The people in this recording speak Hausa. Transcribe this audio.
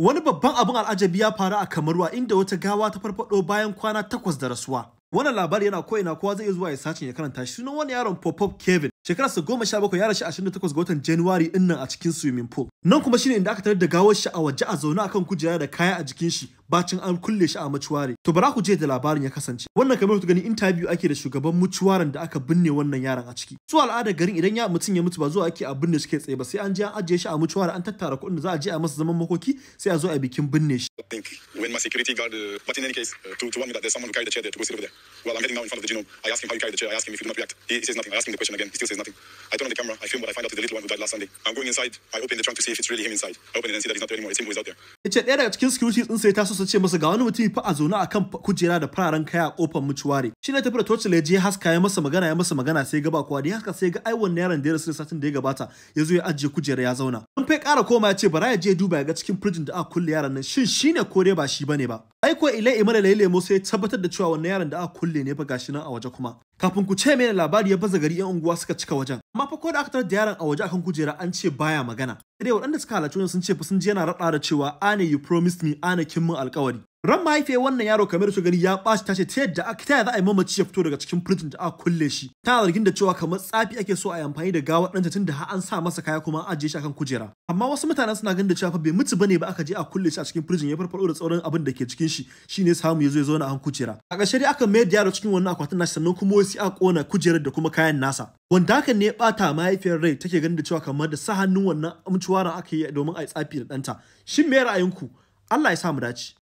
Wani babban abin al'ajabi ya faru a Kamarwa inda wata gawa ta farfado bayan kwana takwas da rasuwa. Wannan labari yana ko'ina kowa zai iya zuwa ya sace ya karanta shi sunan wani yaron Popop Kevin shekarar su goma sha bakwai ya rashi ashirin da takwas ga watan Januwari ɗin nan a cikin swimming pool. Nan kuma shine inda aka tarar da gawar shi a waje a zaune akan kujera da kaya a jikin shi bacin an kulle shi a mucuware. To bara ku je da labarin ya kasance. Wannan kamar ku gani interview ake da shugaban mucuwaren da aka binne wannan yaron a ciki. Su al'ada garin idan ya mutum ya mutu ba zuwa ake a binne shi kai tsaye ba sai an je an ajiye shi a mucuware an tattara kuɗin da za a je a masa zaman makoki sai a zo a bikin binne shi. When my security guard, uh, but in any case, uh, to, to warn me that there's someone who carried the chair there to go sit over there. Well, I'm getting now in front of the genome. I ask him how you carried the chair. I ask him if he did not react. He, he says nothing. I ask him the question again. He still says nothing. I turn on the camera, I film what I find out is the little one who died last Sunday. I'm going inside, I open the trunk to see if it's really him inside. I open it and see that he's not there anymore, it's him who is out there. Yace ɗaya daga cikin security din sai ta so ce masa ga wani mutum fa a zaune akan kujera da fararen kaya a kofar mutuware. Shi ne tafi da torch je haska ya masa magana ya masa magana sai gaba ba kowa da haska sai ga ai wannan yaron da ya rasu satin da ya gabata ya zo ya ajiye kujera ya zauna. Mun fai ƙara koma ya ce bara ya je duba ya ga cikin firjin da aka kulle yaron nan shin shine ko dai ba shi bane ba. Ai ko Ilai Imara mo sai tabbatar da cewa wannan yaron da aka kulle ne fa gashi nan a waje kuma. kafin ku ce mene labari ya baza gari yan unguwa suka cika wajen amma fa ko da aka da yaron a waje akan kujera an ce baya magana dai waɗanda suka halarci sun ce fa sun ji yana raɗa da cewa ane you promised me ana kin min alƙawari ran mahaifiyar wannan yaro kamar su gani ya ɓaci ta ce ta yadda aka za a yi mamaci ya fito daga cikin firjin da aka kulle shi ta zargin da cewa kamar tsafi ake so a yi amfani da gawa ɗanta tun da har an sa masa kaya kuma an ajiye shi akan kujera amma wasu mutanen suna ganin da cewa fa bai mutu bane ba aka je a kulle shi a cikin firjin ya farfado da tsauran abin da ke cikin shi shine samu ya zo ya zauna kujera a ƙarshe dai aka mayar da yaro cikin wannan akwatin nasa sannan kuma wasu a kona kujerar da kuma kayan nasa wanda hakan ne bata ɓata mahaifiyar rai take ganin da cewa kamar da sa hannun wannan amciwaran aka yi domin a yi tsafi da ɗanta shin me ra'ayinku Allah ya sa mu dace